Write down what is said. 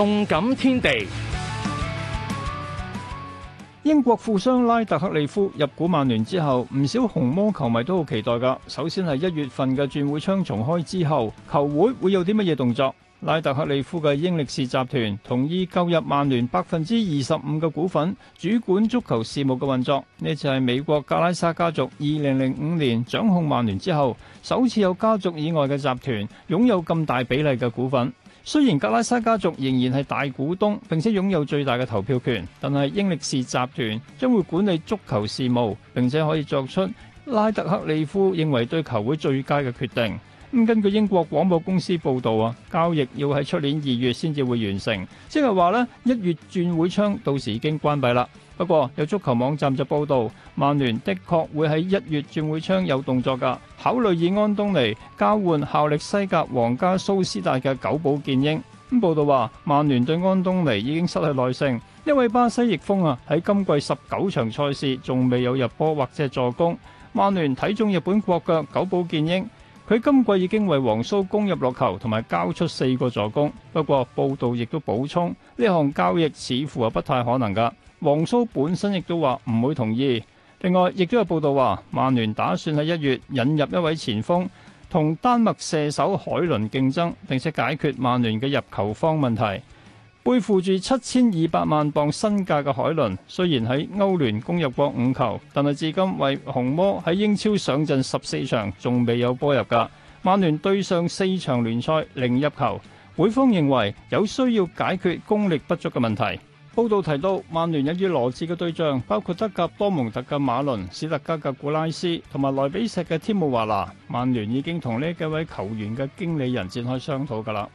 動感天地，英國富商拉特克利夫入股曼聯之後，唔少紅魔球迷都好期待噶。首先係一月份嘅轉會窗重開之後，球會會有啲乜嘢動作？拉特克利夫嘅英力士集團同意購入曼聯百分之二十五嘅股份，主管足球事務嘅運作。呢次係美國格拉沙家族二零零五年掌控曼聯之後，首次有家族以外嘅集團擁有咁大比例嘅股份。雖然格拉沙家族仍然係大股東，並且擁有最大嘅投票權，但係英力士集團將會管理足球事務，並且可以作出拉特克利夫認為對球會最佳嘅決定。咁根據英國廣播公司報道啊，交易要喺出年二月先至會完成，即係話咧一月轉會窗到時已經關閉啦。不過有足球網站就報道，曼聯的確會喺一月轉會窗有動作㗎，考慮以安東尼交換效力西甲皇家蘇斯達嘅久保建英。咁報道話，曼聯對安東尼已經失去耐性，因為巴西翼鋒啊喺今季十九場賽事仲未有入波或者助攻。曼聯睇中日本國腳久保建英。佢今季已經為皇蘇攻入六球同埋交出四個助攻，不過報道亦都補充，呢項交易似乎係不太可能㗎。皇蘇本身亦都話唔會同意。另外，亦都有報道話，曼聯打算喺一月引入一位前鋒，同丹麥射手海倫競爭，並且解決曼聯嘅入球方問題。背負住七千二百萬磅身價嘅海倫，雖然喺歐聯攻入過五球，但係至今為紅魔喺英超上陣十四場，仲未有波入噶。曼聯對上四場聯賽零入球，會方認為有需要解決功力不足嘅問題。報道提到，曼聯引援羅致嘅對象包括德甲多蒙特嘅馬倫、史特加嘅古拉斯同埋萊比錫嘅天姆華拿，曼聯已經同呢幾位球員嘅經理人展開商討噶啦。